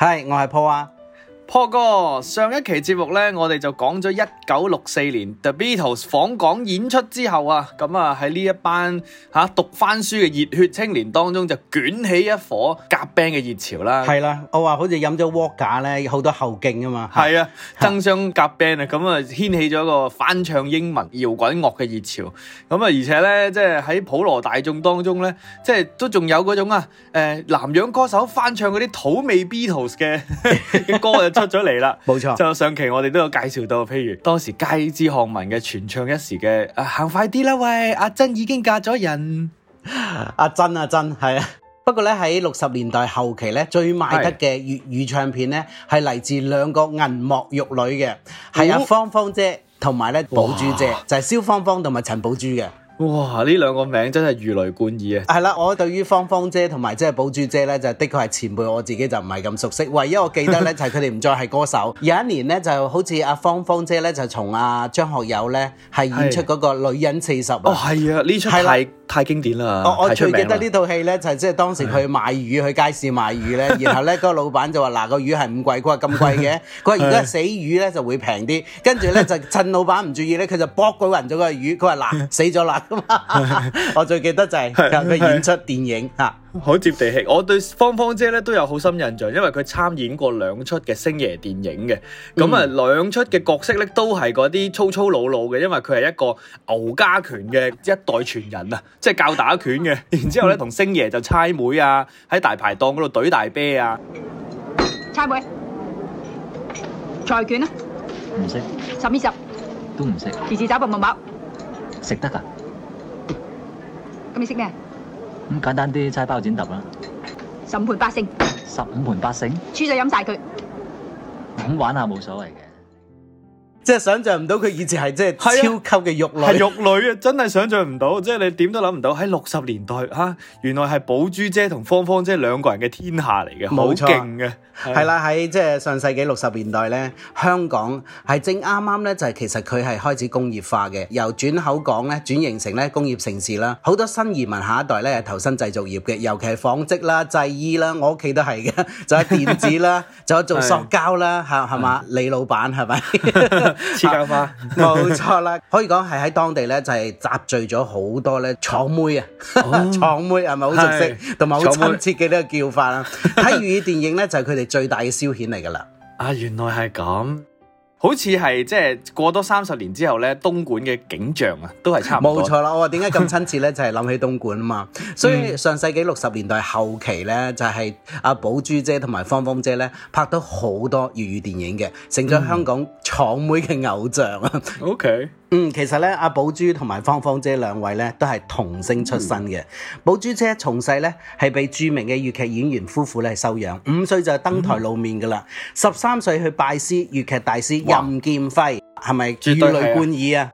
嗨，Hi，我係 Paul 啊。Paul 哥，上一期節目咧，我哋就講咗一九六四年 The Beatles 訪港演出之後啊，咁啊喺呢一班吓、啊、讀翻書嘅熱血青年當中就捲起一火夾 band 嘅熱潮啦。係啦、啊，我話好似飲咗 Walker 咧，好多後勁啊嘛。係啊，啊爭相夾 band 啊，咁啊掀起咗一個翻唱英文搖滾樂嘅熱潮。咁啊，而且咧，即係喺普羅大眾當中咧，即係都仲有嗰種啊，誒、呃，南洋歌手翻唱嗰啲土味 Beatles 嘅嘅 的歌啊。 出咗嚟啦，冇錯。就上期我哋都有介紹到，譬如當時街知巷聞嘅傳唱一時嘅，誒、啊、行快啲啦喂，阿、啊、珍已經嫁咗人，阿珍阿珍係啊。不過咧喺六十年代後期咧，最賣得嘅粵語唱片咧，係嚟自兩個銀幕玉女嘅，係啊，哦、芳芳姐同埋咧寶珠姐，就係、是、蕭芳芳同埋陳寶珠嘅。哇！呢兩個名真係如雷貫耳啊！係啦，我對於芳芳姐同埋即係寶珠姐咧，就的確係前輩，我自己就唔係咁熟悉。唯一我記得咧，就係佢哋唔再係歌手。有一年咧，就好似阿芳芳姐咧，就從阿張學友咧係演出嗰個《女人四十》。哦，係啊，呢出係太經典啦！我我最記得呢套戲咧，就即係當時去買魚，去街市買魚咧，然後咧嗰個老闆就話：嗱，個魚係五貴，佢話咁貴嘅，佢話如果係死魚咧就會平啲。跟住咧就趁老闆唔注意咧，佢就搏鬼暈咗個魚，佢話嗱死咗啦！ 我最記得就係佢演出電影吓， 好接地氣。我對芳芳姐咧都有好深印象，因為佢參演過兩出嘅星爺電影嘅。咁啊，兩出嘅角色咧都係嗰啲粗粗魯魯嘅，因為佢係一個牛家拳嘅一代傳人啊，即係教打拳嘅。然之後咧，同星爺就猜妹啊，喺大排檔嗰度懟大啤啊，猜妹，財拳啊，唔識十二十，都唔識字字找木木木，食得噶。你識咩？咁簡單啲，猜包剪揼啦。十五盤八勝。十五盤八勝。輸咗飲曬佢。咁玩下冇所謂嘅。即係想象唔到佢以前係即係超級嘅玉女，係玉女啊！真係想象唔到，即係你點都諗唔到喺六十年代嚇、啊，原來係寶珠姐同芳芳姐兩個人嘅天下嚟嘅，冇勁嘅。係啦，喺、啊啊、即係上世紀六十年代咧，香港係正啱啱咧，就係、是、其實佢係開始工業化嘅，由轉口港咧轉型成咧工業城市啦。好多新移民下一代咧係投身製造業嘅，尤其係紡織啦、製衣啦，我屋企都係嘅。就係電子啦，就係 做塑膠啦，嚇係嘛？李老闆係咪？英文英文冇錯持、 啊、啦，可以講係喺當地咧就係、是、集聚咗好多咧，廠妹啊，廠、哦、 妹係咪好熟悉，同埋好親切嘅呢個叫法啦、啊。喺粵語電影咧就係佢哋最大嘅消遣嚟噶啦。啊，原來係咁。好似係即係過多三十年之後咧，東莞嘅景象都係差唔多。冇錯啦，我話點解咁親切咧，就係、是、諗起東莞啊嘛。 所以上世紀六十年代後期呢，就係、是、阿寶珠姐同埋芳芳姐呢，拍咗好多粵語電影嘅，成咗香港廠妹嘅偶像 OK。嗯，其實呢，阿寶珠同埋芳芳姐兩位呢都係童星出身嘅。寶、嗯、珠姐從細呢係俾著名嘅粵劇演員夫婦咧收養，五歲就登台露面噶啦，十三歲去拜師粵劇大師任劍輝，係咪如雷貫耳啊？是是耳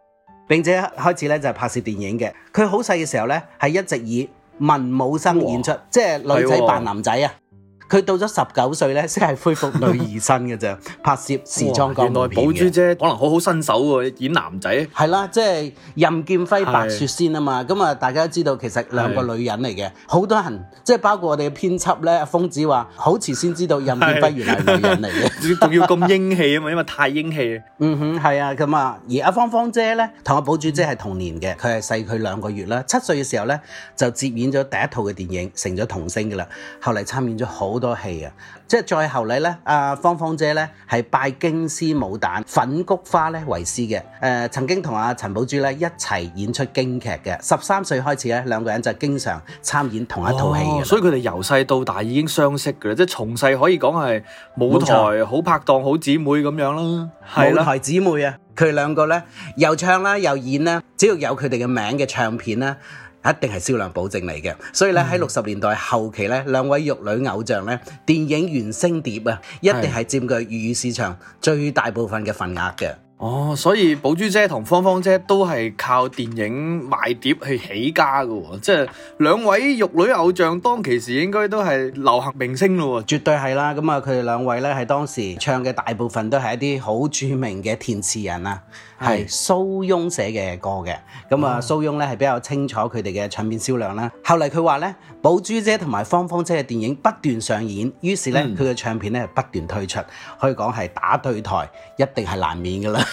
並且開始咧就係、是、拍攝電影嘅。佢好細嘅時候咧係一直以文武生演出，哇即係女仔扮男仔啊。嗯佢到咗十九歲咧，先係恢復女兒身嘅啫。 拍攝時裝廣告片嘅寶珠姐的可能好好新手喎、啊，演男仔。係啦、啊，即、就、係、是、任劍輝《白雪仙》啊嘛，咁啊的大家都知道其實兩個女人嚟嘅，好的多人即係、就是、包括我哋嘅編輯咧，阿峰子話，好遲先知道任劍輝原來係女人嚟嘅，仲 要咁英氣啊嘛，因為太英氣。 嗯哼，係啊，咁啊，而阿芳芳姐咧，同阿寶珠姐係同年嘅，佢係細佢兩個月啦。七歲嘅時候咧，就接演咗第一套嘅電影，成咗童星嘅啦。後嚟參演咗好好多戲啊！即係再後嚟呢，阿芳芳姐呢係拜京師武旦粉菊花呢為師嘅。誒、呃，曾經同阿陳寶珠呢一齊演出京劇嘅。十三歲開始呢，兩個人就經常參演同一套戲嘅。所以佢哋由細到大已經相識嘅。即係從細可以講係舞台錯好拍檔、好姊妹咁樣啦。舞台姊妹啊！佢哋兩個呢又唱啦、啊、又演啦、啊，只要有佢哋嘅名嘅唱片啦、啊。一定係銷量保證嚟嘅，所以呢喺六十年代後期呢，兩、嗯、位玉女偶像呢，電影原聲碟啊，一定係佔據粵語市場最大部分嘅份額嘅。哦，所以寶珠姐同芳芳姐都係靠電影賣碟去起家噶。哦，即係兩位玉女偶像當其時應該都係流行明星咯。哦，絕對係啦。咁啊，佢哋兩位呢，係當時唱嘅大部分都係一啲好著名嘅填詞人啊，係蘇是翁寫嘅歌嘅。咁啊，蘇翁呢係、嗯、比較清楚佢哋嘅唱片銷量啦。後嚟佢話呢，寶珠姐同埋芳芳姐嘅電影不斷上演，於是呢，佢嘅、嗯、唱片呢不斷推出，可以講係打對台，一定係難免噶啦。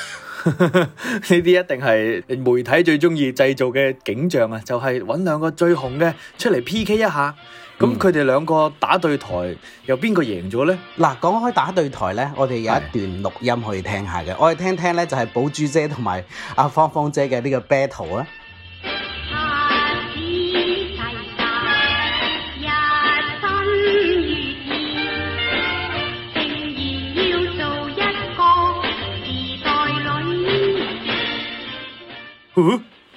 呢啲 一定係媒體最中意製造嘅景象啊！就係揾兩個最紅嘅出嚟 PK 一下，咁佢哋兩個打對台，有邊個贏咗呢？嗱、嗯，講開打對台呢，我哋有一段錄音可以聽下嘅，的我哋聽聽呢，就係寶珠姐同埋阿芳芳姐嘅呢個 battle 啊！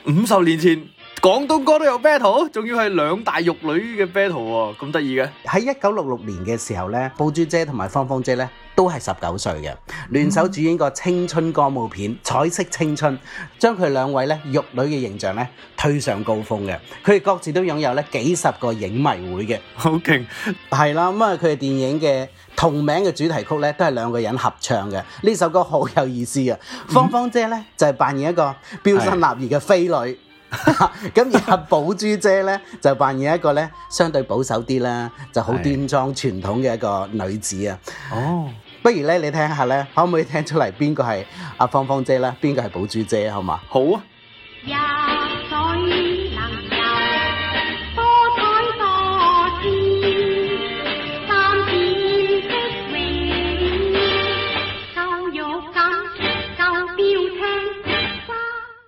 五十年前，廣東歌都有 battle，仲要係兩大玉女嘅 battle 喎、哦，咁得意嘅。喺一九六六年嘅時候呢，寶珠姐同埋芳芳姐呢都係十九歲嘅，聯手主演個青春歌舞片《彩色青春》，將佢兩位呢玉女嘅形象呢推上高峰嘅。佢哋各自都擁有呢幾十個影迷會嘅，好勁。係啦，咁啊，佢哋電影嘅。同名嘅主題曲呢，都係兩個人合唱嘅。呢首歌好有意思啊！嗯、芳芳姐呢，就係、是、扮演一個標新立異嘅飛女，咁是 而阿寶珠姐呢，就扮演一個呢，相對保守啲啦，就好端莊傳統嘅一個女子啊。哦是，不如呢，你聽下呢，可唔可以聽出嚟邊個係阿芳芳姐呢？邊個係寶珠姐？好嘛？好啊。Yeah,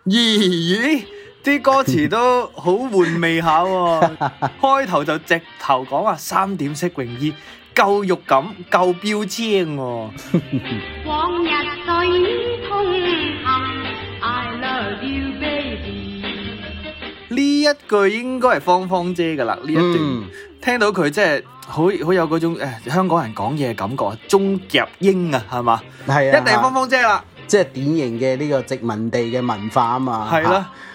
咦啲歌詞都好曖昧下喎、哦， 開頭就直頭講話，三點式泳衣，夠肉感，夠標青，哦。往日對你同行，I love you baby。呢一句應該係芳芳姐噶啦，呢、嗯、一段聽到佢真係好好有嗰種誒香港人講嘢嘅感覺鐘夾啊，鐘夾英啊，係嘛？係啊，一定係芳芳姐啦。即係典型嘅呢個殖民地嘅文化啊嘛，係啦，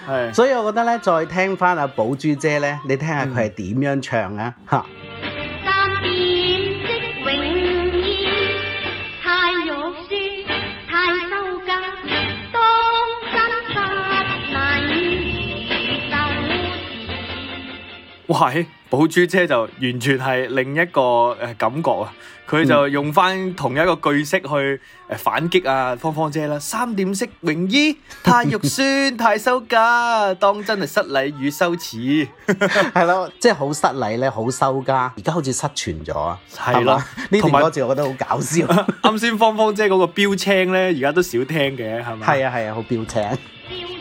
係、啊。是所以我覺得咧，再聽翻阿寶珠姐咧，你聽下佢係點樣唱啊？啊嗯、喂。寶珠姐就完全係另一個誒感覺啊，佢就用翻同一個句式去誒反擊啊芳芳姐啦，三點式泳衣，太肉酸，太羞家，當真係失禮與羞恥，係 咯，即係好失禮咧，好羞家，而家好似失傳咗啊，係嘛的，呢段歌詞我覺得好搞笑，啱先芳芳姐嗰個標青咧，而家都少聽嘅，係咪？係啊係啊，好標青。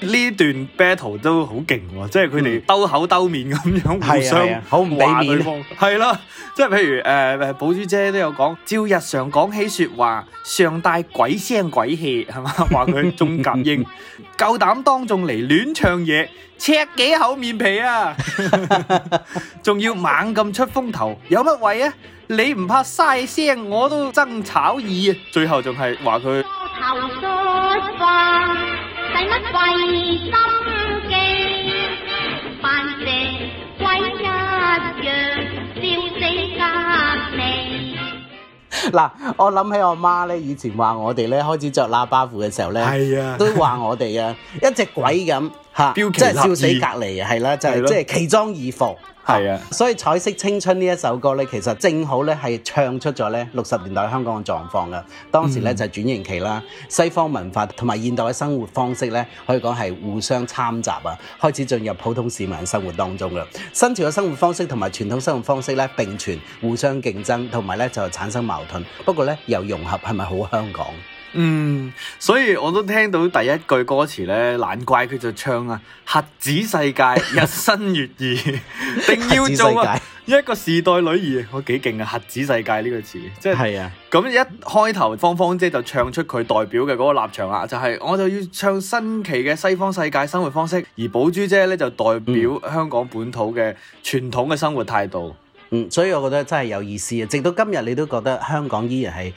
呢段 battle 都好勁喎，即係佢哋兜口兜面咁樣互相好唔俾面。係啦，即係譬如誒寶珠姐都有講，照日常講起說話，常帶鬼聲鬼氣，係嘛？話佢中夾英夠膽當眾嚟亂唱嘢，赤幾口面皮啊！仲要猛咁出風頭，有乜位啊？你唔怕嘥聲，我都爭吵耳。最後仲係話佢。鬼心機扮成，鬼一樣，笑死家明。嗱，我諗起我媽咧，以前話我哋咧開始着喇叭褲嘅時候咧，係啊，都話我哋啊，一隻鬼咁。吓，即係笑死隔離，係啦的，就係的即係奇裝異服，係啊，所以《彩色青春》呢一首歌咧，其實正好咧係唱出咗咧六十年代香港嘅狀況噶。當時咧就係轉型期啦，嗯、西方文化同埋現代嘅生活方式咧，可以講係互相摻雜啊，開始進入普通市民生活當中噶。新潮嘅生活方式同埋傳統生活方式咧並存，互相競爭，同埋咧就產生矛盾。不過咧又融合，係咪好香港？嗯，所以我都聽到第一句歌詞咧，難怪佢就唱啊，核子世界 日新月異，定要做啊，一個時代女兒，我幾勁啊！核子世界呢個詞，即係咁、啊、一開頭，芳芳姐就唱出佢代表嘅嗰個立場啦，就係、是、我就要唱新奇嘅西方世界生活方式，而寶珠姐咧就代表香港本土嘅傳統嘅生活態度。嗯，所以我覺得真係有意思啊！直到今日，你都覺得香港依然係。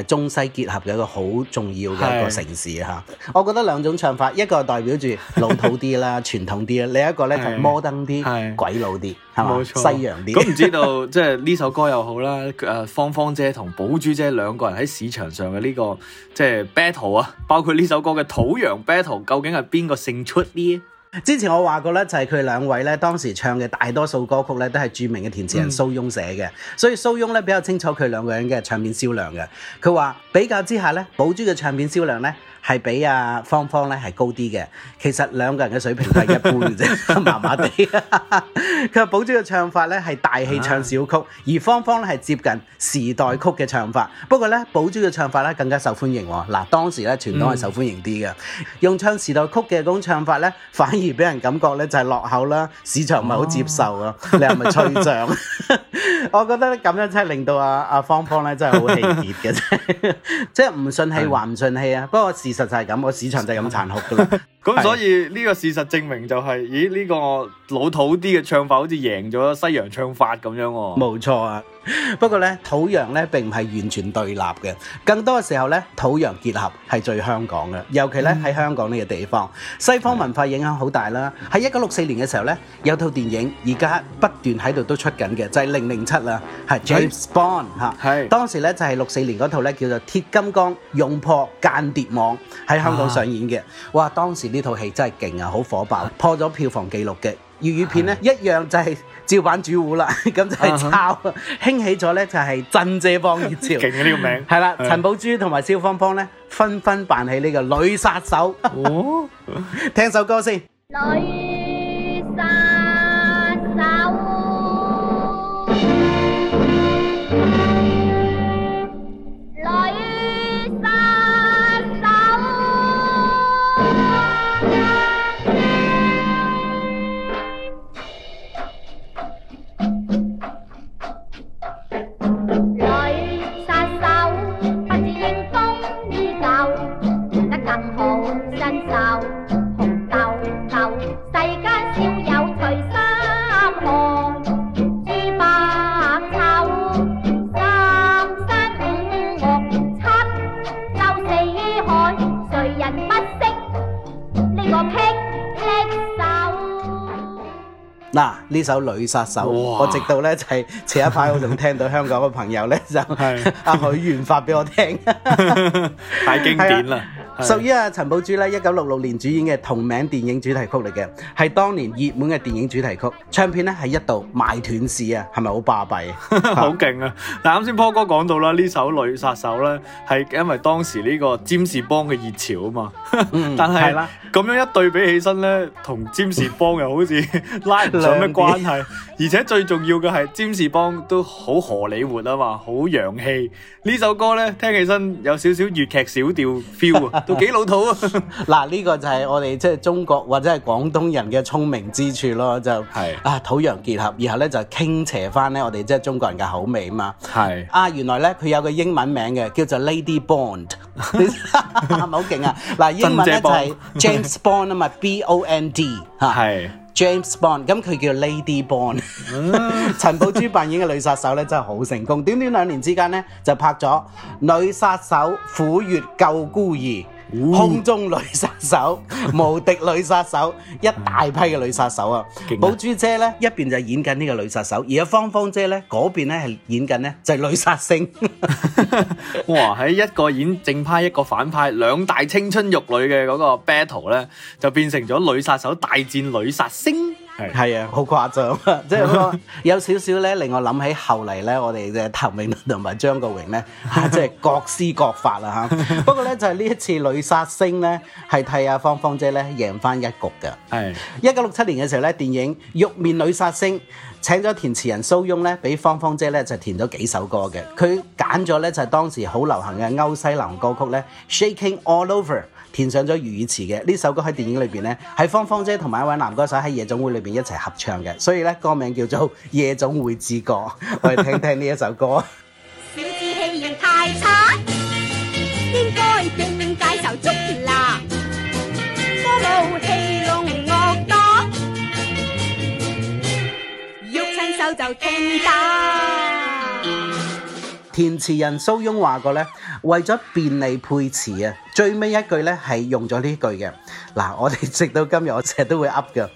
誒中西結合嘅一個好重要嘅一個城市嚇，是我覺得兩種唱法，一個代表住老土啲啦， 傳統啲啦，另一個咧就摩登啲、 是鬼佬啲，係嘛？西洋啲。咁唔知道即係呢首歌又好啦，誒芳芳姐同寶珠姐兩個人喺市場上嘅呢、這個即係 battle 啊，就是、attle, 包括呢首歌嘅土洋 battle，究竟係邊個勝出啲？之前我話過咧，就係、是、佢兩位咧，當時唱嘅大多數歌曲咧，都係著名嘅填詞人蘇翁寫嘅，所以蘇翁咧比較清楚佢兩個人嘅唱片銷量嘅。佢話比較之下呢，寶珠嘅唱片銷量呢，係比阿芳芳咧係高啲嘅，其實兩個人嘅水平係一般嘅啫，麻麻地。佢話寶珠嘅唱法咧係大戲唱小曲，而芳芳咧係接近時代曲嘅唱法。不過咧，寶珠嘅唱法咧更加受歡迎喎。嗱，當時咧傳統係受歡迎啲嘅，嗯、用唱時代曲嘅嗰種唱法咧，反而俾人感覺咧就係落口啦，市場唔係好接受啊。你係咪吹漲？我覺得咧咁樣真係令到阿阿芳芳咧真係好氣結嘅啫，即係唔順氣還唔順氣啊。不過時。事實上係咁，個市場就係咁殘酷㗎喇。咁 所以呢個事實證明就係、是，是的咦？呢、這個老土啲嘅唱法好似贏咗西洋唱法咁樣喎、哦。冇錯、啊 不過咧，土洋咧並唔係完全對立嘅，更多嘅時候咧，土洋結合係最香港嘅，尤其咧喺香港呢個地方，西方文化影響好大啦。喺一九六四年嘅時候咧，有套電影而家不斷喺度都出緊嘅，就係《零零七》啦，係 James Bond 吓的，係當時咧就係六四年嗰套咧叫做《鐵金剛勇破間諜網》喺香港上演嘅，啊、哇！當時呢套戲真係勁啊，好火爆，破咗票房紀錄嘅粵語片咧，一樣就係、是。照板煮碗啦，咁 就係抄，uh huh. 興起咗咧就係珍姐邦熱潮。記住呢個名，係啦，陳寶珠同埋蕭芳芳咧，紛紛扮起呢個女殺手。哦 ，oh? 聽首歌先。女殺呢首女殺手，哇我直到呢就係、是、前一排我仲聽到香港嘅朋友呢， 就係阿許願發俾我聽， 太經典啦！屬於阿陳寶珠咧，一九六六年主演嘅同名電影主題曲嚟嘅，係當年熱門嘅電影主題曲，唱片咧係一度賣斷市啊，係咪好巴閉啊？好勁啊！嗱，啱先波哥講到啦，呢首《女殺手》咧係因為當時呢個占士邦嘅熱潮啊嘛，但係咁樣一對比起身咧，同占士邦又好似拉唔上咩關係，而且最重要嘅係占士邦都好荷里活啊嘛，好洋氣，呢首歌咧聽起身有少少粵劇小調 feel 啊。幾老土啊！ 嗱，呢個就係我哋即係中國或者係廣東人嘅聰明之處咯，就係是啊，土洋結合，然後咧就傾斜翻咧，我哋即係中國人嘅口味啊嘛。係是啊，原來咧佢有個英文名嘅，叫做 Lady Bond，係咪好勁啊？嗱，英文呢姐就係 James Bond、 O N、D，啊嘛，B O N D，係 James Bond，咁佢叫 Lady Bond。 陳寶珠扮演嘅女殺手咧真係好成功，短短兩年之間咧就拍咗《女殺手》《虎穴救孤兒》。哦、空中女殺手、無敵女殺手、一大批嘅女殺手啊！寶珠姐呢一邊就演緊呢個女殺手，而阿芳芳姐呢嗰邊呢係演緊呢就係女殺星。 哇！喺一個演正派，一個反派，兩大青春玉女嘅嗰個 battle 呢，就變成咗女殺手大戰女殺星。係啊，好誇張啊！即 係有少少咧，令我諗起後嚟咧，我哋嘅譚詠麟同埋張國榮咧，即係各施各法啦嚇。 不過咧，就係呢一次女殺星咧，係替阿芳芳姐咧贏翻一局嘅。係一九六七年嘅時候咧，電影《玉面女殺星》。請咗填詞人蘇翁咧，俾芳芳姐咧就填咗幾首歌嘅。佢揀咗咧就係當時好流行嘅歐西蘭歌曲咧，Shaking All Over 填上咗粵語詞嘅。呢首歌喺電影裏邊咧，係芳芳姐同埋一位男歌手喺夜總會裏邊一齊合唱嘅。所以咧歌名叫做《夜總會之歌》，我哋聽聽呢一首歌。小太差。填詞人蘇翁話過咧，為咗便利配詞最尾一句咧係用咗呢句嘅，嗱我哋直到今日我成日都會噏嘅，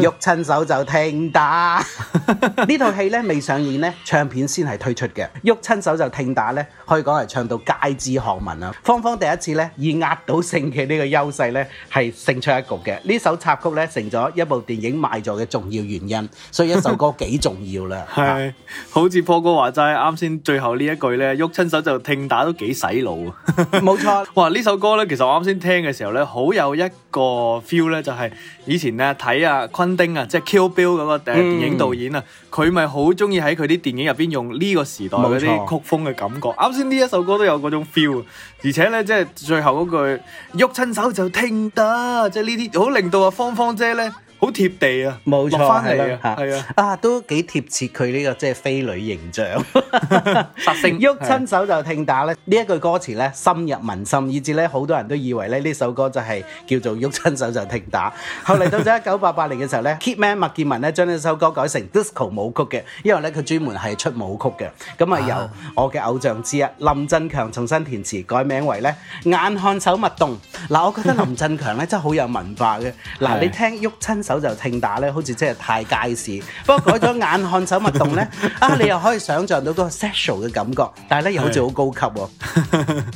郁親手就聽打。呢套戲咧未上演咧，唱片先係推出嘅。郁親手就聽打咧，可以講係唱到街知巷聞啦。芳芳第一次咧以壓倒性嘅呢個優勢咧係勝出一局嘅。呢首插曲咧成咗一部電影賣座嘅重要原因，所以一首歌幾重要啦。係，好似 Paul 哥話齋，啱先最後呢一句咧郁親手就聽打都幾洗腦啊。冇錯，哇呢首歌咧，其實我啱先聽嘅時候咧，好有一個 feel 咧，就係以前咧睇阿昆丁啊，即係 Kill Bill 嗰個誒電影導演啊，佢咪好中意喺佢啲電影入邊用呢個時代嗰啲曲風嘅感覺。啱先呢一首歌都有嗰種 feel，而且咧即係最後嗰句喐親手就聽打，即係呢啲好令到阿芳芳姐咧。好貼地啊，冇錯，係啊，係啊，啊都幾貼切佢呢個即係飛女形象，實成喐親手就聽打咧，呢一句歌詞咧深入民心，以至咧好多人都以為咧呢首歌就係叫做喐親手就聽打。後嚟到咗一九八八年嘅時候咧，Kit Man 麥潔文咧將呢首歌改成 disco 舞曲嘅，因為咧佢專門係出舞曲嘅。咁啊由我嘅偶像之一林振強重新填詞改名為咧眼看手勿動。嗱，我覺得林振強咧真係好有文化嘅。嗱，你聽喐親手。就聽打咧，好似真係太街市。不過改咗眼看手勿動咧， 啊，你又可以想像到個 sexual 嘅感覺，但係咧又好似好高級喎，啊。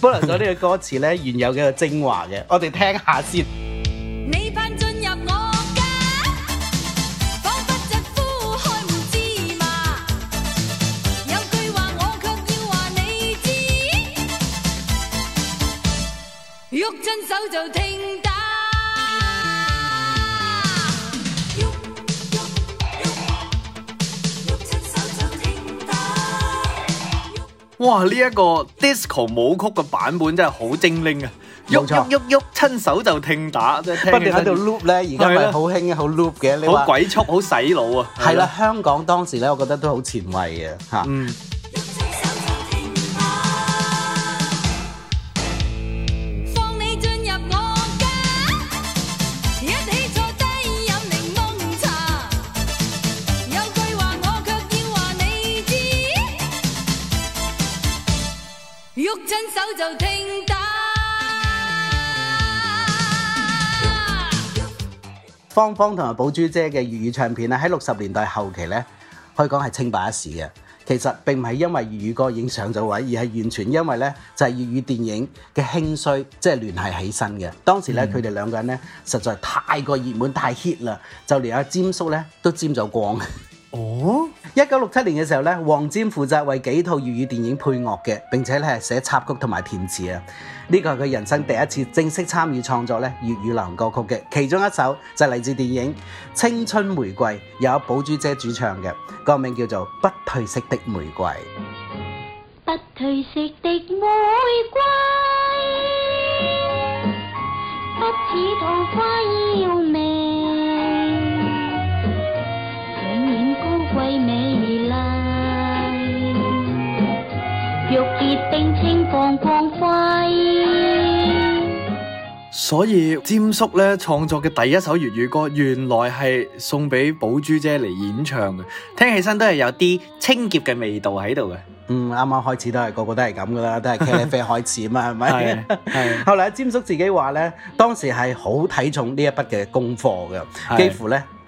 保留咗呢個歌詞咧，原有嘅精華嘅，我哋聽下先。你盼進入我家，彷彿疾呼開門之嘛，有句話我卻要話你知，喐親手就聽。哇！呢、這、一個 disco 舞曲嘅版本真係好精靈啊！喐喐喐喐，親手就聽打，即、就、係、是、對不停喺度 loop 咧。而家咪好興好 loop 嘅，好鬼速，好對洗腦啊！係啦，香港當時咧，我覺得都好前衛嘅嚇。嗯郁親手就聽打，芳芳同埋寶珠姐嘅粵語唱片咧，喺六十年代後期咧，可以講係稱霸一時嘅。其實並唔係因為粵語歌已經上咗位，而係完全因為咧就係、是、粵語電影嘅興衰，即係聯繫起身嘅。當時咧，佢哋兩個人咧實在太過熱門，太 hit 啦，就連阿、啊、詹叔咧都沾咗光。 哦，一九六七年嘅時候咧，黃霑負責為幾套粵語電影配樂嘅，並且咧係寫插曲同埋填詞啊。呢個係佢人生第一次正式參與創作咧粵語流行歌曲嘅，其中一首就係嚟自電影《青春玫瑰》，由寶珠姐主唱嘅，歌名叫做《不褪色的玫瑰》。不褪色的玫瑰，不似桃花玉潔冰清，放光輝。所以詹叔咧創作嘅第一首粵語歌，原來係送俾寶珠姐嚟演唱嘅，聽起身都係有啲清潔嘅味道喺度嘅。嗯，啱啱開始都係個個都係咁噶啦，都係茄哩啡開始啊嘛，係咪 吧？係。後來詹叔自己話咧，當時係好睇重呢一筆嘅功課嘅，的幾乎咧。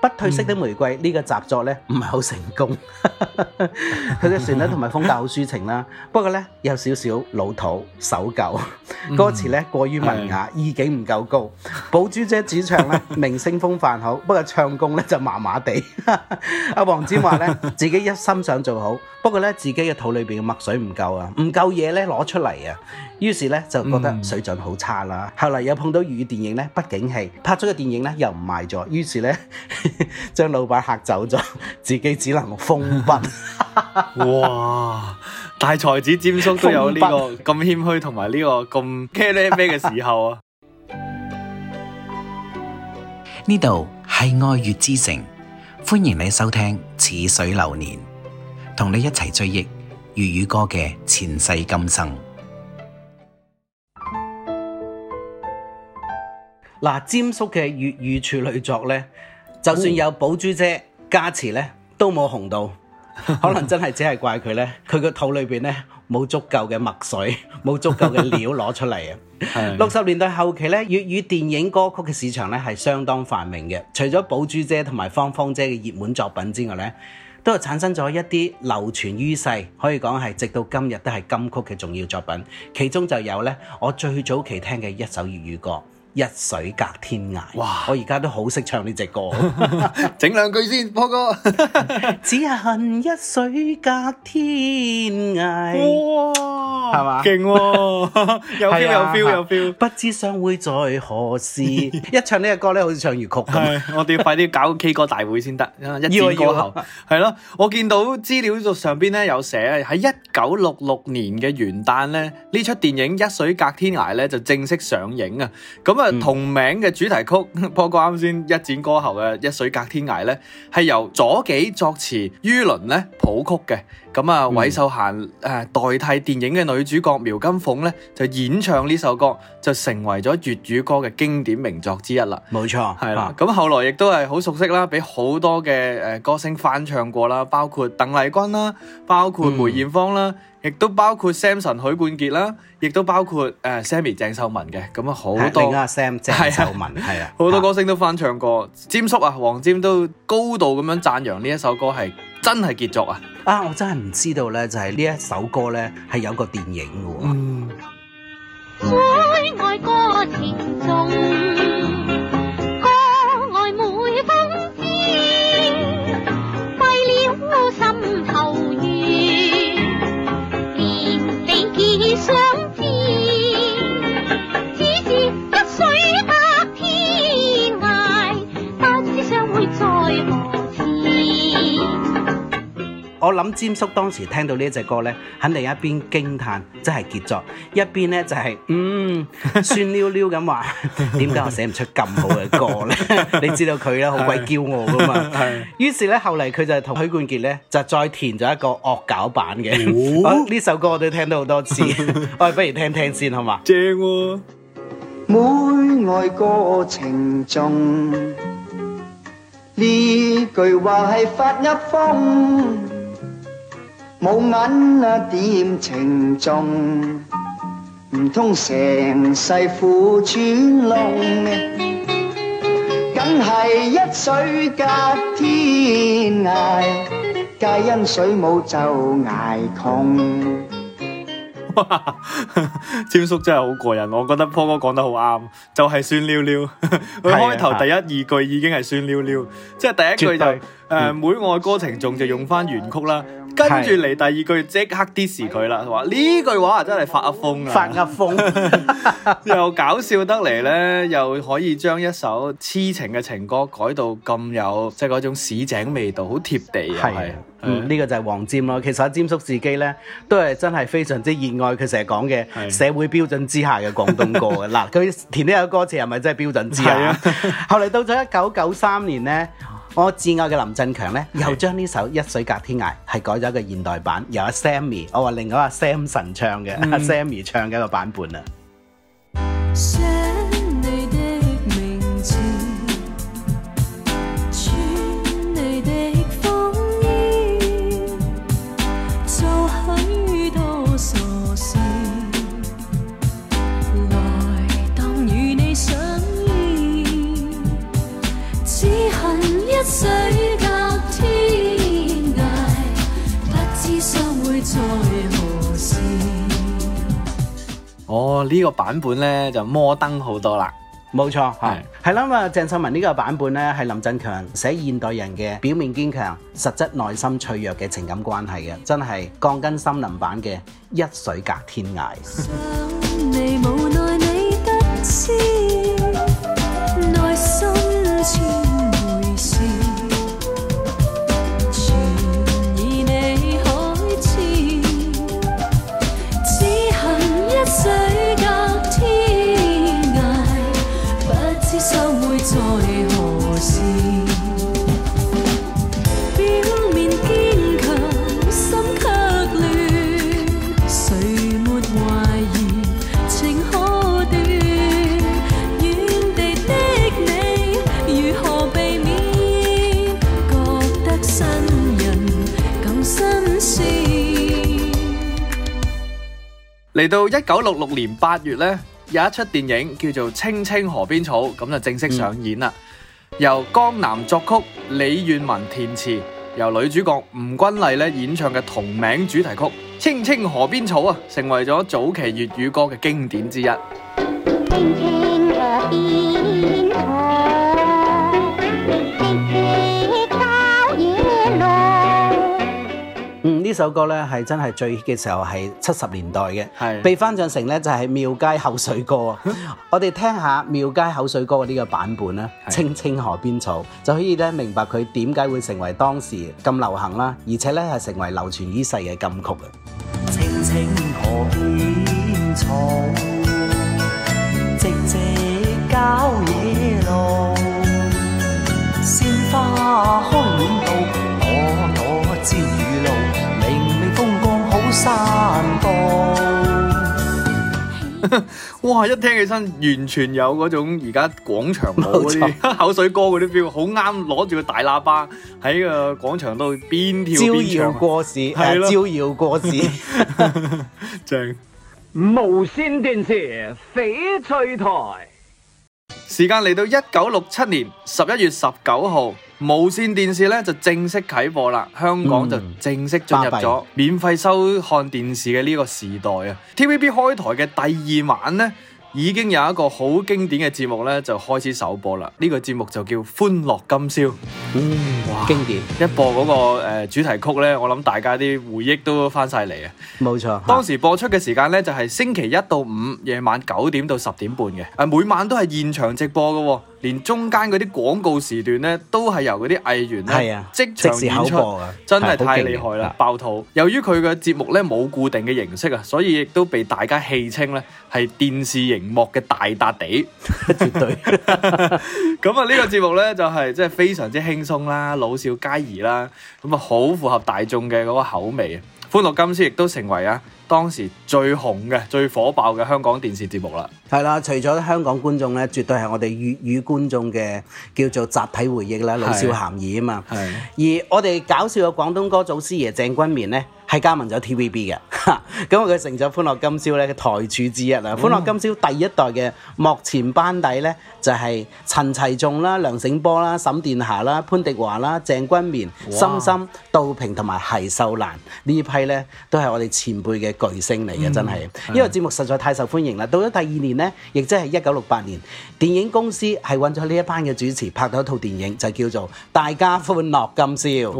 不褪色的玫瑰、這個、雜呢個習作咧唔係好成功，佢嘅旋律同埋風格好抒情啦，不過咧有少少老土、守舊，歌詞咧過於文雅，意境唔夠高。寶珠姐，姐主唱咧，明星風範好，不過唱功咧就麻麻地。阿 黃霑咧，自己一心想做好，不過咧自己嘅肚裏邊嘅墨水唔夠啊，唔夠嘢咧攞出嚟啊，於是咧就覺得水準好差啦。 後來又碰到粵語電影咧不景氣，拍咗個電影咧又唔賣咗，於是咧，將 老闆嚇走咗，自己只能封筆。 哇！大才子霑叔都有呢個咁謙虛同埋呢個咁茄喱啡嘅時候啊！呢度係愛粵之城，歡迎你收聽《似水流年》，同你一齊追憶粵語歌嘅前世今生。嗱， 霑叔嘅粵語處女作呢。就算有寶珠姐加持咧，都冇紅到，可能真係只係怪佢咧，佢個肚裏邊咧冇足夠嘅墨水，冇足夠嘅料攞出嚟啊！六十 的年代後期咧，粵語電影歌曲嘅市場咧係相當繁榮嘅，除咗寶珠姐同埋芳芳姐嘅熱門作品之外咧，都係產生咗一啲流傳於世，可以講係直到今日都係金曲嘅重要作品，其中就有咧我最早期聽嘅一首粵語歌。一水隔天涯，哇！我而家都好識唱呢隻歌，整兩句先，波哥。只恨一水隔天涯，哇！係嘛，勁喎，有 feel 有 feel 有 feel。不知相會在何時？一唱呢隻歌咧，好似唱粵曲咁。我哋要快啲搞 K 歌大會先得，一戰過後。係咯，我見到資料上邊咧有寫喺一九六六年嘅元旦咧，呢出電影《一水隔天涯》咧就正式上映啊！咁啊～同名嘅主題曲，波哥啱先一展歌喉嘅《一水隔天涯》咧，係由左幾作詞，于粦咧譜曲嘅。咁啊，韋、嗯、秀嫻誒代替電影嘅女主角苗金鳳咧，就演唱呢首歌，就成為咗粵語歌嘅經典名作之一啦。冇錯，係啦。咁後來亦都係好熟悉啦，俾好多嘅誒歌星翻唱過啦，包括鄧麗君啦，包括梅艷芳啦，亦都、嗯、包括 Samson 許冠傑啦，亦都包括誒 Sammy 鄭秀文嘅。咁啊，好多 Sam 鄭秀文係啊，好的 多歌星都翻唱過。霑叔啊，黃霑都高度咁樣讚揚呢一首歌係。真係結局啊！啊，我真係唔知道咧，就係、是、呢一首歌咧係有個電影㗎喎。我諗詹叔當時聽到呢隻歌咧，肯定一邊驚嘆即係傑作，一邊咧就係、是、嗯酸溜溜咁話，點解我寫唔出咁好嘅歌咧？ 你知道佢咧好鬼驕傲噶嘛？係。 於是咧後嚟佢就係同許冠傑咧就再填咗一個惡搞版嘅。呢、哦、 首歌我都聽到好多次， 我哋不如聽聽，聽先好嘛？正、哦。每愛過程中》呢句話係發一風。冇銀啊，點情重？唔通成世苦穿窿咩？梗係一水隔天涯，皆因水母就捱窮。哇！霑叔真係好過癮，我覺得波哥講得好啱，就係酸溜溜。佢開頭第一二句已經係酸溜溜，即係第一句就誒，每愛歌情重就用翻原曲啦。跟住嚟第二句即刻 diss 佢啦，話呢 句話啊真係發，發阿瘋啊！發阿瘋又搞笑得嚟呢，又可以將一首痴情嘅情歌改到咁有即係嗰種市井味道，好貼地啊！呢、啊嗯呢個就係黃霑咯。其實阿、啊、霑叔自己呢，都係真係非常之熱愛佢成日講嘅社會標準之下嘅廣東歌嘅嗱。佢、啊、 填呢個歌詞係咪真係標準之下？是啊、 後嚟到咗一九九三年呢。我摯愛嘅林振強咧，又將呢首《一水隔天涯》係改咗個現代版，由阿 Sammy，我話另外，嗯、一個 Samson 唱嘅，阿 Sammy 唱嘅個版本啊。呢個版本呢就摩登好多啦，冇錯，係係啦。啊、嗯，鄭秀文呢個版本呢係林振強寫現代人嘅表面堅強，實質內心脆弱嘅情感關係嘅，真係鋼筋森林版嘅一水隔天涯。 嚟到一九六六年八月呢有一出電影叫做《青青河邊草》，咁就正式上演啦。由江南作曲、李願文填詞，由女主角吳君麗咧演唱嘅同名主題曲《青青河邊草》啊，成為咗早期粵語歌嘅經典之一。青青呢首歌咧，係真係最嘅時候係七十年代嘅，係的被翻唱成咧就係、是、廟街， 街口水歌啊！我哋聽下廟街口水歌呢個版本啦，的《青青河邊草》，就可以咧明白佢點解會成為當時咁流行啦，而且咧係成為流傳於世嘅金曲啊！青青河邊草，直直郊野路，鮮花開滿道，朵朵沾雨露。山歌，哇！一聽起身，完全有嗰種而家廣場舞口水歌嗰啲 feel，好啱攞住個大喇叭喺個廣場度邊跳邊唱。招搖過市，係咯，招搖過市，正。無線電視翡翠台，時間嚟到一九六七年十一月十九號。無線電視咧就正式啟播啦，香港就正式進入咗免費收看電視嘅呢個時代啊！TVB 開台嘅第二晚咧，已經有一個好經典嘅節目咧就開始首播啦。呢個節目就叫《歡樂今宵》，哇經典一播嗰個誒主題曲咧，我諗大家啲回憶都翻晒嚟啊！冇錯，當時播出嘅時間咧就係星期一到五夜晚九點到十點半嘅，誒每晚都係現場直播噶。連中間嗰啲廣告時段咧，都係由嗰啲藝員咧、啊、即場演出，啊、真係太厲害啦！害爆肚。啊、由於佢嘅節目咧冇固定嘅形式啊，所以亦都被大家戲稱咧係電視熒幕嘅大笪地。絕對咁啊！呢個節目咧就係即係非常之輕鬆啦，老少皆宜啦，咁啊好符合大眾嘅嗰個口味。歡樂今宵亦都成為啊。當時最紅嘅、最火爆嘅香港電視節目啦，係啦，除咗香港觀眾呢，絕對係我哋粵語觀眾嘅叫做集體回憶啦，的老少咸宜啊嘛。係的，而我哋搞笑嘅廣東歌祖師爺鄭君綿呢，係加盟咗 TVB 嘅。咁 佢成就《歡樂今宵》咧，嘅台柱之一啊。嗯《歡樂今宵》第一代嘅幕前班底呢，就係、是、陳其頌啦、梁醒波啦、沈殿霞啦、潘迪華啦、鄭君綿、森森哇、杜平同埋奚秀蘭呢批呢，都係我哋前輩嘅，巨星嚟嘅真係，嗯、因為個節目實在太受歡迎啦。的到咗第二年呢，亦即係一九六八年，電影公司係揾咗呢一班嘅主持拍咗一套電影，就叫做《大家歡樂今宵》。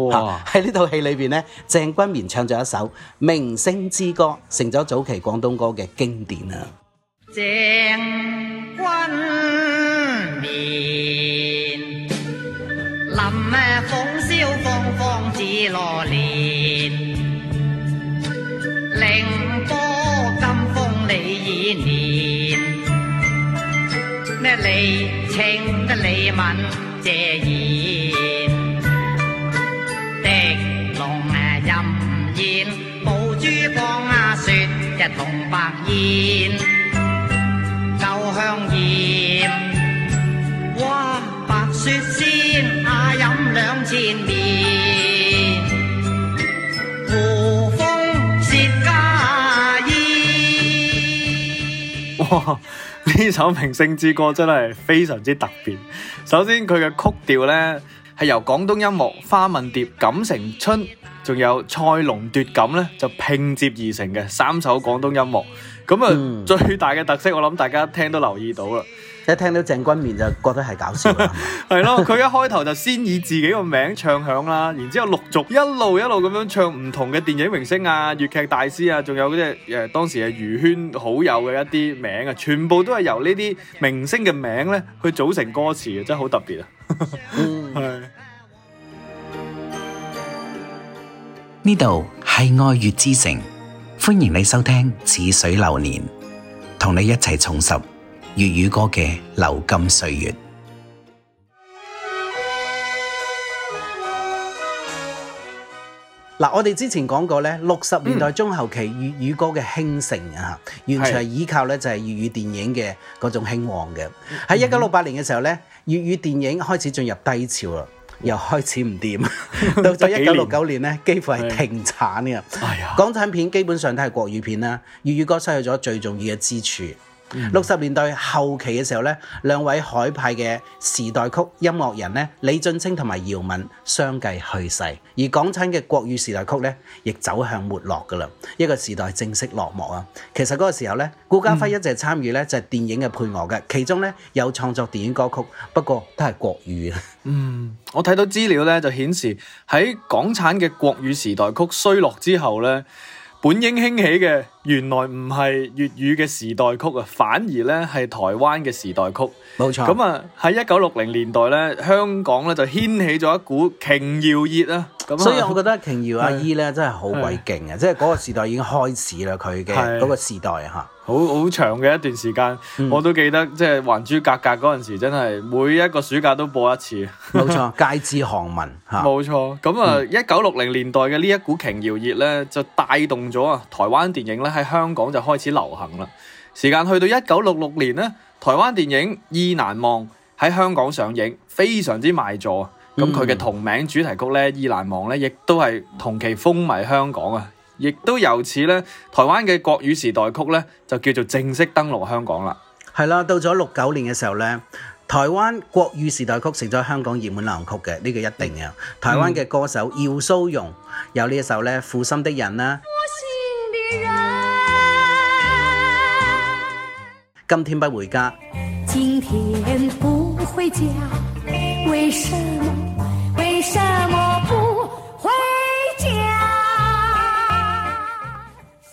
喺呢套戲裏邊呢，鄭君綿唱咗一首《明星之歌》，成咗早期廣東歌嘅經典啊！鄭君綿，林咩鳳、蕭芳芳、紫羅蓮。李清得，李敏，謝賢，狄龍吟煙，寶珠光啊，雪日同白燕，舊香煙哇，白雪仙啊，飲兩千年，胡楓薛家燕。呢首《明星之歌》真係非常之特別。首先，佢嘅曲調呢係由廣東音樂《花間蝶》《錦城春》仲有《賽龍奪錦》呢就拼接而成嘅三首廣東音樂。咁啊，最大嘅特色、嗯、我諗大家聽都留意到啦。一聽到鄭君綿就覺得係搞笑啦，係咯，佢一開頭就先以自己個名唱響啦，然之後陸續一路一路咁樣唱唔同嘅電影明星啊、粵劇大師啊，仲有嗰啲誒當時係娛圈好友嘅一啲名啊，全部都係由呢啲明星嘅名呢去組成歌詞嘅，真係好特別啊！係呢度係愛粵之城，歡迎你收聽《似水流年》，同你一齊重拾。粵語歌嘅流金歲月。嗱、嗯，我哋之前講過咧，六十年代中後期粵語歌嘅興盛啊，完全係依靠咧就係粵語電影嘅嗰種興旺嘅。喺一九六八年嘅時候咧，粵語電影開始進入低潮啦，又開始唔掂， 到咗一九六九年咧，幾乎係停產嘅。係啊、嗯，哎、港產片基本上都係國語片啦，粵語歌失去咗最重要嘅支柱。六十年代後期嘅時候咧，兩位海派嘅時代曲音樂人咧，李俊清同埋姚敏相繼去世，而港產嘅國語時代曲咧，亦走向沒落噶啦，一個時代正式落幕啊！其實嗰個時候咧，顧嘉輝一直參與咧就係電影嘅配樂嘅，其中咧有創作電影歌曲，不過都係國語啊。嗯，我睇到資料咧就顯示喺港產嘅國語時代曲衰落之後咧。本應興起嘅原來唔係粵語嘅時代曲啊，反而咧係台灣嘅時代曲。冇錯。咁啊喺一九六零年代咧，香港咧就掀起咗一股瓊瑤熱啊。咁所以我覺得瓊瑤阿姨咧是真係好鬼勁啊！是即係嗰個時代已經開始啦，佢嘅嗰個時代嚇。好好長嘅一段時間，嗯、我都記得，即係《還珠格格》嗰陣時，真係每一個暑假都播一次。冇錯， 皆知巷文嚇。冇錯，咁啊、嗯，一九六零年代嘅呢一股瓊瑤熱咧，就帶動咗啊，台灣電影咧喺香港就開始流行啦。時間去到一九六六年呢，台灣電影《意難忘》喺香港上映，非常之賣座。咁佢嘅同名主題曲咧，《意難忘》咧，亦都係同期風靡香港啊！亦都由此咧，台灣嘅國語時代曲咧就叫做正式登陸香港啦。係啦、嗯，到咗六九年嘅時候咧，台灣國語時代曲成咗香港熱門流行曲嘅，呢、這個一定嘅。台灣嘅歌手姚蘇蓉有呢一首咧《負心的人》啦，《負心的人》，人今天不回家。今天不回家，為什？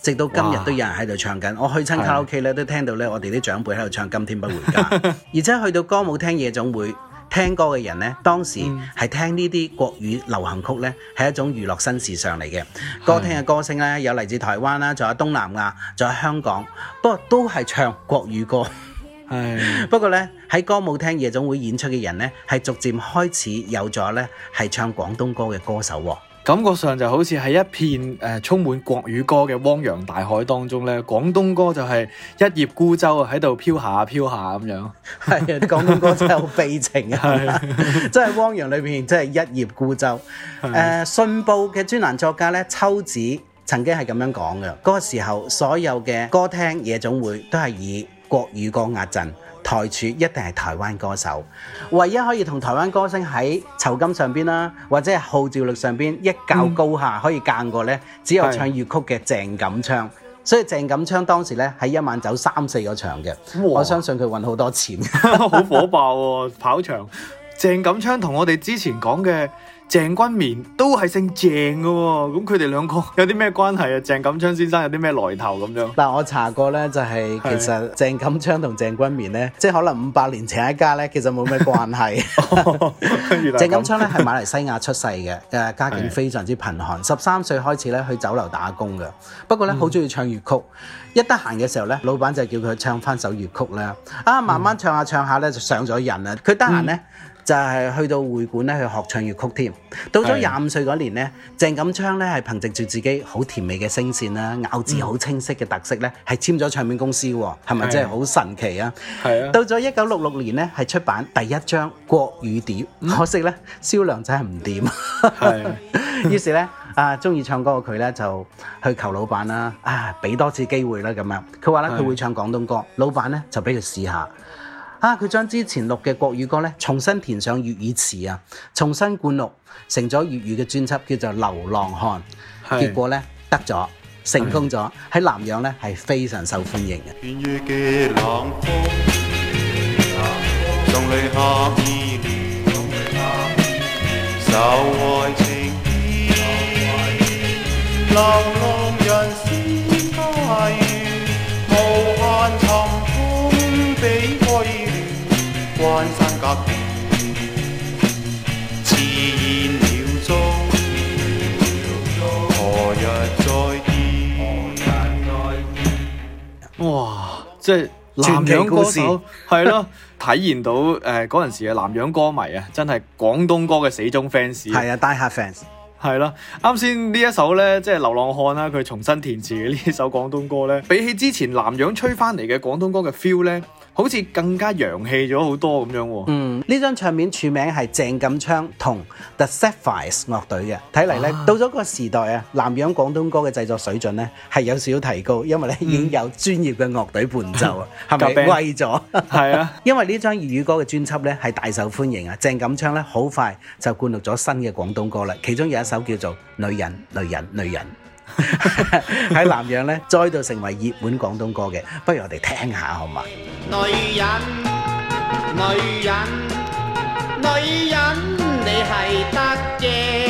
直到今日都有人喺度唱緊。哇我去親卡拉 OK 咧的都聽到咧，我哋啲長輩喺度唱《今天不回家》， 而且去到歌舞廳夜總會聽歌嘅人咧，當時係聽呢啲國語流行曲咧，係一種娛樂新時尚嚟嘅。歌廳嘅歌星咧有嚟自台灣啦，仲有東南亞，仲有香港，不過都係唱國語歌。係的 不過咧喺歌舞廳夜總會演出嘅人咧，係逐漸開始有咗咧係唱廣東歌嘅歌手喎。感覺上就好似喺一片誒、呃、充滿國語歌嘅汪洋大海當中呢，廣東歌就係一葉孤舟喺度漂下漂下咁樣。係啊，廣東歌真係好悲情啊，真係 的 汪洋裏面真係、即係、一葉孤舟。誒的，呃《信報》嘅專欄作家呢，秋子曾經係咁樣講嘅，嗰個時候，所有嘅歌廳、夜總會都係以國語歌壓陣。台柱一定係台灣歌手，唯一可以同台灣歌星喺酬金上邊啦，或者係號召力上邊一較高下可以間過咧，嗯、只有唱粵曲嘅鄭錦昌，是所以鄭錦昌當時咧喺一晚走三四個場嘅，哇我相信佢揾好多錢，哇 好火爆喎、啊、 跑場，鄭錦昌同我哋之前講嘅。鄭君綿都係姓鄭噶、哦，咁佢哋兩個有啲咩關係啊？鄭錦昌先生有啲咩來頭咁樣？嗱，我查過呢，就係、是、其實鄭錦昌同鄭君綿呢，是的 即係可能五百年前一家呢，其實冇咩關係、 哦。鄭錦 昌呢係馬來西亞出世嘅，誒，家境非常之貧寒，十三歲開始呢去酒樓打工噶，不過呢，好中意唱粵曲，一得閒嘅時候呢，老闆就叫佢唱翻首粵曲啦。啊，慢慢唱下唱下呢，就上咗癮啦，佢得閒呢。就係去到會館咧，去學唱粵曲添。到咗廿五歲嗰年咧，鄭錦昌咧係憑藉住自己好甜美嘅聲線啦、咬字好清晰嘅特色咧，係簽咗唱片公司喎。係咪真係好神奇啊？係啊！到咗一九六六年咧，係出版第一張國語碟，可惜咧銷量真係唔掂。係。於是咧，啊鍾意唱歌嘅佢咧就去求老闆啦，啊俾多次機會啦咁樣。佢話咧佢會唱廣東歌，老闆咧就俾佢試下。啊！佢將之前錄嘅國語歌咧，重新填上粵語詞啊，重新灌錄成咗粵語嘅專輯，叫做《流浪漢》，結果咧得咗成功咗，喺南洋咧，係非常受歡迎嘅。何日再見哇！即係南洋歌手，係咯了， 體驗到誒嗰陣時嘅南洋歌迷廣歌啊，真係廣東歌嘅死忠 fans。係啊，die hard fans。係咯，啱先呢一首咧，即係流浪漢啦，佢重新填詞嘅呢一首廣東歌咧，比起之前南洋吹翻嚟嘅廣東歌嘅 feel 咧。好似更加洋氣咗好多咁樣喎。嗯，呢張唱片署名係鄭錦昌同 The Sacrifice 樂隊嘅。睇嚟咧，到咗個時代啊，南洋廣東歌嘅製作水準咧係有少少提高，因為咧已經有專業嘅樂隊伴奏啊。係咪？貴咗係啊，因為呢張粵語歌嘅專輯咧係大受歡迎啊。鄭錦昌咧好快就灌錄咗新嘅廣東歌啦，其中有一首叫做《女人女人女人》。喺 南洋咧，再度成為熱門廣東歌嘅，不如我哋聽下好嘛？女人，女人，女人，你係得嘅。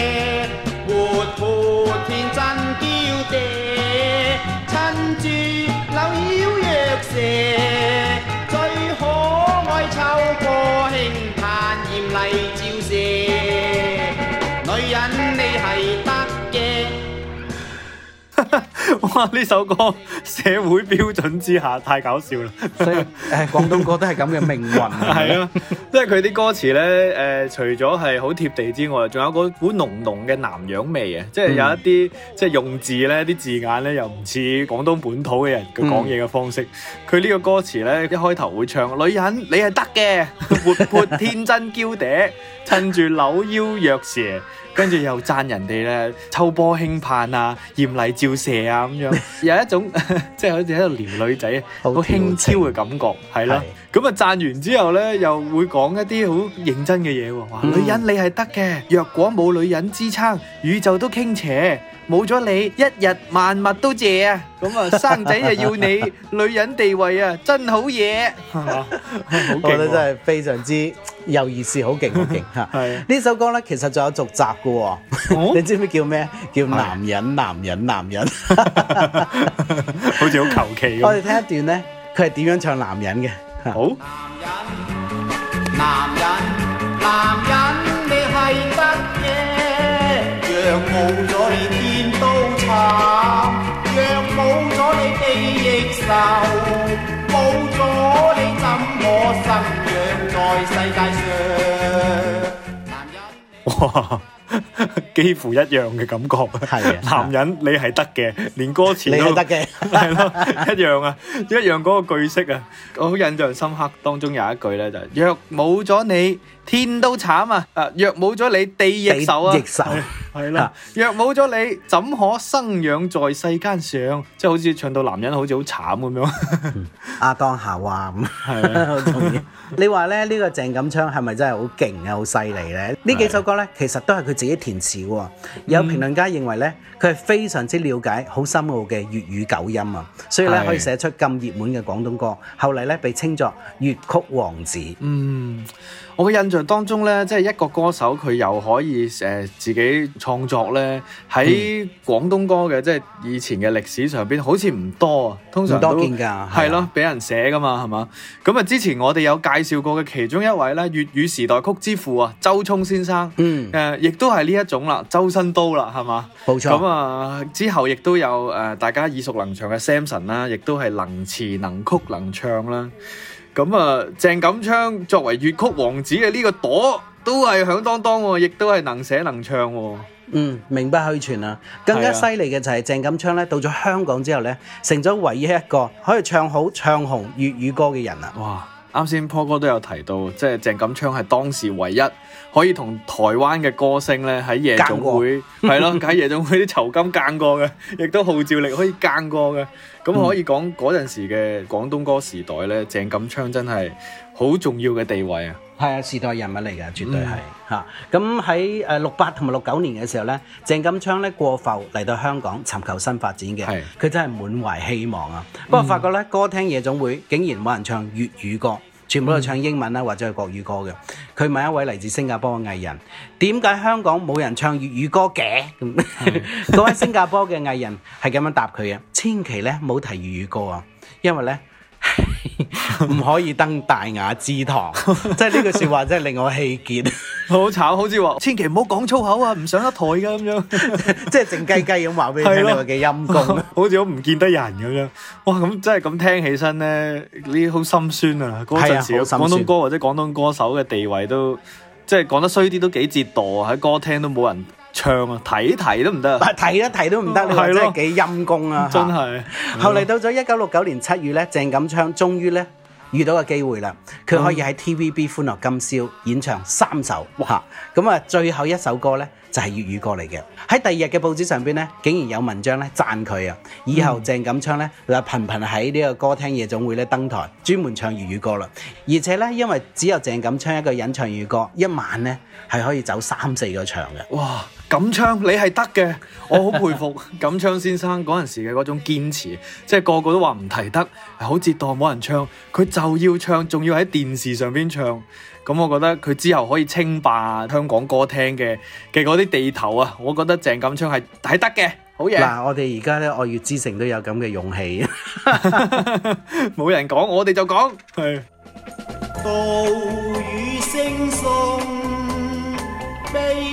哇！呢首歌社會標準之下太搞笑啦， 所以誒、呃、廣東歌都係咁嘅命運，係 啊，即係佢啲歌詞呢，誒、呃，除咗係好貼地之外，仲有嗰股濃濃嘅南洋味啊，即係有一啲、嗯、即係用字呢啲字眼呢，又唔似廣東本土嘅人佢講嘢嘅方式，佢呢、嗯、個歌詞呢，一開頭會唱女人你係得嘅， 活潑天真嬌嗲，趁住扭腰若蛇。跟住又讚人哋咧，秋波輕盼啊，豔麗照射啊咁樣， 有一種即係好似喺度撩女仔，好 輕佻嘅感覺，係呢。 咁啊，讚完之後咧，又會講一啲好認真嘅嘢喎。嗯、女人你係得嘅，若果冇女人支撐，宇宙都傾斜，冇咗你，一日萬物都謝啊！咁啊，生仔就要你，女人地位啊真好嘢。 哦、我覺得真係非常之有意思，好勁好勁吓。係呢、 啊、首歌咧，其實仲有續集嘅、哦。 你知唔知叫咩？叫男人男人男人，男人。 好似好求其咁。我哋聽一段咧，佢係點樣唱男人嘅？好。男人，男人，男人，你係乜嘢？若冇咗你天都慘，若冇咗你地亦愁，冇咗你怎可生養在世界上。幾乎一樣嘅感覺，的男人你係得嘅。 連歌詞都得嘅係咯 一樣啊， 一樣嗰個句式啊，我好印象深刻。當中有一句咧就係、是、若冇咗你，天都慘啊！啊，若冇咗你，地亦愁啊！係啦、啊， 若冇咗你，怎可生養在世間上？即係好似唱到男人好似好慘咁樣。阿當夏話係啊，好同意。 重點 你話咧呢、這個鄭錦昌係咪真係好勁啊、好犀利咧？呢 幾首歌咧，其實都係佢自己填詞。嗯、有評論家認為咧，佢係非常之了解、好深奧嘅粵語九音啊，所以咧可以寫出咁熱門嘅廣東東歌。後嚟咧被稱作粵曲王子。嗯。我嘅印象當中呢，即係一個歌手佢又可以誒、呃、自己創作呢。喺廣東歌嘅，即係以前嘅歷史上邊好似唔多啊，通常都係咯，俾人寫噶嘛，係嘛？咁啊，之前我哋有介紹過嘅其中一位呢，粵語時代曲之父啊，周聰先生，誒、嗯呃，亦都係呢一種啦，周身刀啦，係嘛？冇沒錯。咁啊，之後亦都有誒、呃，大家耳熟能詳嘅 Samson 啦、啊，亦都係能詞能曲能唱啦。啊。咁啊，鄭錦昌作為粵曲王子嘅呢個朵，都係響噹噹，亦都係能寫能唱。嗯，名不虛傳啊！更加犀利嘅就係鄭錦昌咧，到咗香港之後呢，成咗唯一一個可以唱好、唱紅粵語歌嘅人哇！啱先 Paul 哥都有提到，即係鄭錦昌係當時唯一可以同台灣嘅歌星咧喺夜總會，係咯捐過笑，喺夜總會啲酬金間過嘅，亦都號召力可以間過嘅，咁可以講嗰陣時嘅廣東歌時代咧，鄭錦昌真係好重要嘅地位啊！係啊，時代人物嚟㗎，絕對係嚇。咁喺誒六八同埋六九年嘅時候呢，嗯、鄭錦昌咧過埠嚟到香港尋求新發展嘅，佢是真係滿懷希望啊。嗯、不過發覺呢，歌廳夜總會竟然冇人唱粵語歌，全部都係唱英文啦或者係國語歌嘅。佢、嗯、問一位嚟自新加坡嘅藝人：點解香港冇人唱粵語歌嘅？嗰是 位新加坡嘅藝人係咁樣答佢嘅：千祈咧唔好提粵語歌啊，因為呢。」唔 可以登大雅之堂， 即係呢句說話，真係令我氣結。 好醜說，好似話千祈唔好講粗口啊，唔上得台噶咁樣， 即係靜雞雞咁話俾你聽，你話幾陰公，好似好唔見得人咁樣。哇，咁真係咁聽起身咧，你好心酸啊！嗰陣時廣東歌或者廣東歌手嘅地位都，即係講得衰啲都幾折墮，喺歌廳都冇人。唱啊，睇、啊啊、提，提都唔得，睇一睇都唔得，你真係幾陰功啊！的真係。啊、真是後嚟到咗一九六九年七月咧， 鄭錦昌終於咧遇到個機會啦，佢可以喺 TVB《歡樂今宵》演唱三首，嗯、哇！咁啊，最後一首歌咧就係、是、粵語歌嚟嘅。喺第二日嘅報紙上邊咧，竟然有文章咧讚佢啊！嗯、以後鄭錦昌咧就頻頻喺呢個歌廳夜總會咧登台，專門唱粵語歌啦。而且咧，因為只有鄭錦昌一個人唱粵語歌，一晚咧係可以走三四個場嘅，哇！錦昌，你係得嘅，我好佩服錦昌先生嗰陣時嘅嗰種堅持，即係個個都話唔提得，好折墮，冇人唱，佢就要唱，仲要喺電視上邊唱，咁我覺得佢之後可以稱霸香港歌廳嘅嘅嗰啲地頭啊，我覺得鄭錦昌係係得嘅，好嘢。嗱，我哋而家咧，愛粵之城都有咁嘅勇氣，冇人講，我哋就講。杜宇聲送悲。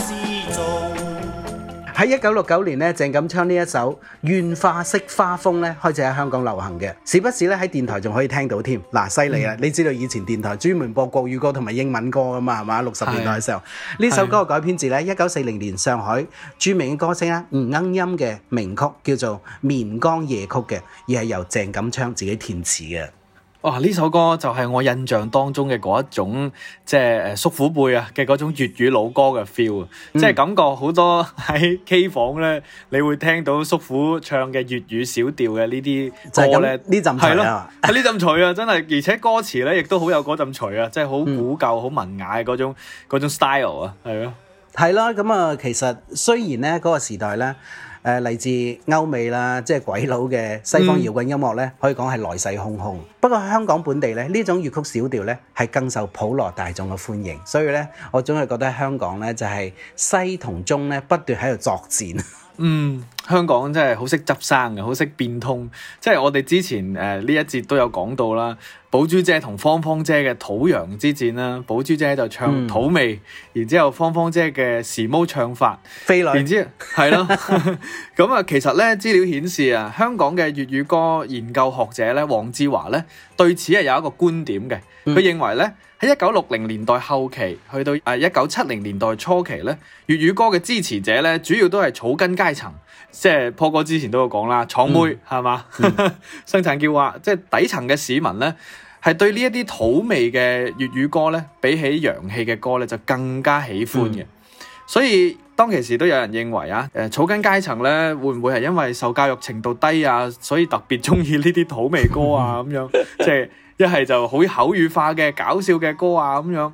喺一九六九年咧，鄭錦昌呢一首《願化惜花蜂》咧，開始喺香港流行嘅，時不時咧喺電台仲可以聽到添。嗱，犀利啦！嗯、你知道以前電台專門播國語歌同埋英文歌噶嘛？係嘛？六十年代嘅時候，呢、啊、首歌改編自咧一九四零年上海著名嘅歌星啊吳鶯音嘅名曲，叫做《岷江夜曲》嘅，而係由鄭錦昌自己填詞嘅。哇！呢、哦、首歌就係我印象當中嘅嗰一種，即係誒叔父輩啊嘅嗰種粵語老歌嘅 feel 啊、嗯，即係感覺好多喺 K 房咧，你會聽到叔父唱嘅粵語小調嘅呢啲歌咧，呢陣除啊，係呢陣除啊，真係， 而且歌詞咧亦都好有嗰陣除啊，即係好古舊、好、嗯、文雅嘅嗰種嗰種 style 啊，係咯，係啦，咁啊、呃，其實雖然咧嗰個時代咧。呢誒嚟、呃、自歐美啦，即係鬼佬嘅西方搖滾音樂呢，嗯、可以講係來勢洶洶。不過香港本地呢，呢種粵曲小調呢，係更受普羅大眾嘅歡迎。所以呢，我總係覺得香港呢，就係西同中呢不斷喺度作戰。嗯，香港真係好識執生嘅，好識變通。即係我哋之前誒呢、呃、一節都有講到啦。寶珠姐同芳芳姐嘅土洋之戰啦，寶珠姐就唱土、嗯、味，然之後芳芳姐嘅時髦唱法飛來，女然之係咯。咁啊後、 嗯，其實咧資料顯示啊，香港嘅粵語歌研究學者咧，黃志華咧對此係有一個觀點嘅。佢認為咧喺一九六零年代後期去到誒一九七零年代初期咧，粵語歌嘅支持者咧主要都係草根階層，即係 Paul 哥之前都有講啦，廠妹係嘛、嗯嗯、生產叫話，即係底層嘅市民咧。係對呢一啲土味嘅粵語歌咧，比起洋氣嘅歌咧，就更加喜歡嘅。嗯、所以當其時都有人認為啊，誒，草根階層咧會唔會係因為受教育程度低啊，所以特別中意呢啲土味歌啊咁樣？即係一係就好，是，口語化嘅搞笑嘅歌啊咁樣。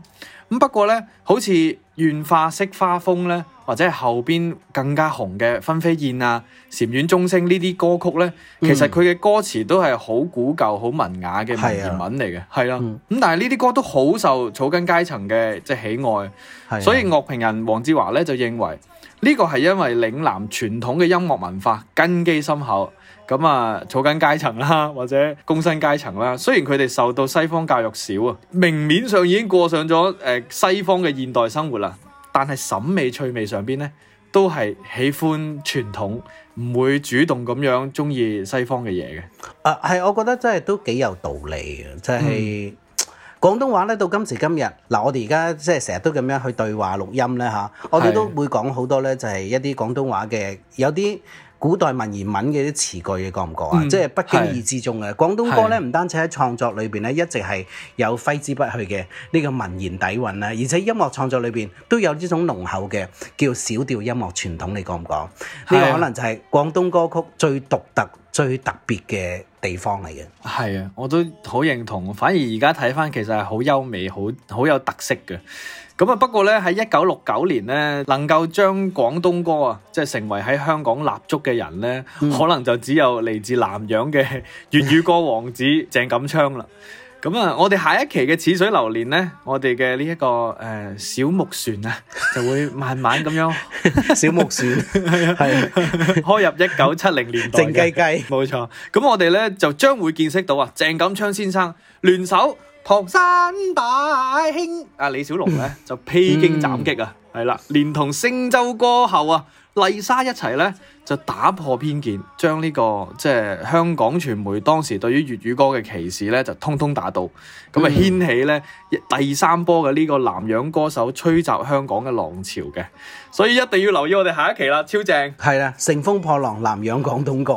咁不過咧，好似。《願化惜花蜂》呢，或者係後邊更加紅嘅《分飛燕》啊，《禪院鐘聲》呢啲歌曲呢，其實佢嘅歌詞都係好古舊、好文雅嘅文言文嚟嘅，係咯、嗯。咁、啊嗯、但係呢啲歌都好受草根階層嘅即係喜愛，嗯、所以樂評人黃志華呢，就認為呢個係因為嶺南傳統嘅音樂文化根基深厚。咁啊，草根階層啦、啊，或者工薪階層啦、啊。雖然佢哋受到西方教育少啊，明面上已經過上咗誒、呃、西方嘅現代生活啦，但係審美趣味上邊呢，都係喜歡傳統，唔會主動咁樣中意西方嘅嘢嘅。啊，係，我覺得真係都幾有道理嘅，就係、是嗯、廣東話呢，到今時今日，嗱，我哋而家即係成日都咁樣去對話錄音呢。嚇、啊，我哋都會講好多呢，就係一啲廣東話嘅，有啲，古代文言文嘅啲詞句，你覺唔覺啊？嗯、即係不經意之中嘅是廣東歌咧，唔單止喺創作裏邊咧，一直係有揮之不去嘅呢個文言底韻啦，而且音樂創作裏邊都有呢種濃厚嘅叫小調音樂傳統，你覺唔覺？呢是個可能就係廣東歌曲最獨特、最特別嘅地方嚟嘅。係啊，我都好認同。反而而家睇翻，其實係好優美、好好有特色嘅。咁啊！不過咧，喺一九六九年咧，能夠將廣東歌啊，即係成為喺香港立足嘅人咧，可能就只有嚟自南洋嘅粵語歌王子鄭錦昌啦。咁啊，我哋下一期嘅《似水流年》咧，我哋嘅呢一個誒小木船啊，就會慢慢咁樣小木船係開入一九七零年代嘅靜雞雞，冇錯。咁我哋咧就將會見識到啊，鄭錦昌先生聯手。唐山大兄啊，李小龍咧就披荊斬棘啊，係啦， 連同星洲歌后啊，麗莎一齊咧就打破偏見，將呢、呢個即係香港傳媒當時對於粵語歌嘅歧視咧，就通通打倒，咁啊掀起咧 第三波嘅呢個南洋歌手吹襲香港嘅浪潮嘅。所以一定要留意我哋下一期啦，超正！係啦，乘風破浪南洋廣東歌。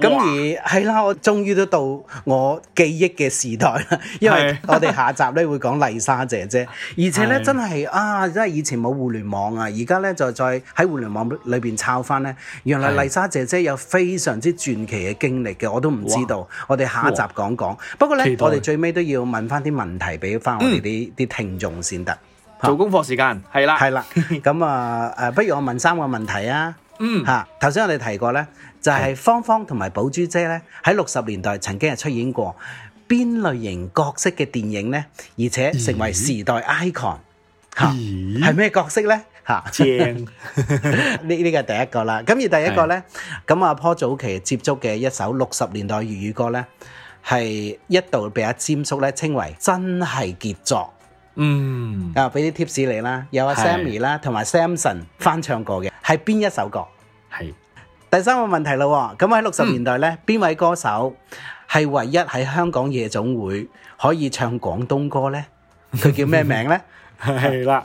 咁哇而係啦，我終於都到我記憶嘅時代啦，因為我哋下集咧會講麗莎姐姐。是而且咧真係啊，真係以前冇互聯網啊，而家咧就再喺互聯網裏邊抄翻咧。原來麗莎姐姐有非常之傳奇嘅經歷嘅，我都唔知道。哇我哋下一集講講。哇不過咧，待我哋最尾都要問翻啲問題俾翻我哋啲啲聽眾先得。嗯做功課時間係啦，係啦。咁 啊，誒，不如我問三個問題啊。嗯。嚇、啊，頭先我哋提過咧，就係、是、芳芳同埋寶珠姐咧，喺六十年代曾經係出演過邊類型角色嘅電影咧，而且成為時代 icon。嚇、嗯，係咩、啊、角色咧？吓、嗯，正。呢呢個係第一個啦。咁而第一個咧，咁阿坡早期接觸嘅一首六十年代粵語歌咧，係一度被阿詹叔咧稱為真係傑作。嗯，啊，俾啲 tips 你啦，有阿 Sammy 啦，同埋 Samson 翻唱過嘅，係邊一首歌？係是第三個問題啦，咁喺六十年代呢，邊、嗯、位歌手係唯一喺香港夜總會可以唱廣東歌呢？佢叫咩名呢？ 係啦，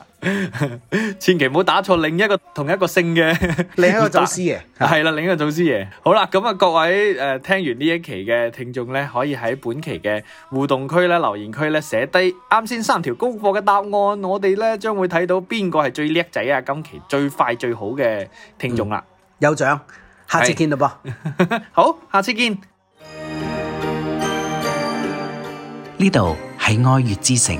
千祈唔好打錯，另一個同一個姓嘅另一個祖師爺，係啦，另一個祖師爺。好啦，咁啊，各位誒，聽完呢一期嘅聽眾咧，可以喺本期嘅互動區咧、留言區咧寫低啱先三條功課嘅答案，我哋咧將會睇到邊個係最叻仔啊！今期最快最好嘅聽眾啦，有獎，下次見啦噃，好，下次見。呢度係愛粵之城。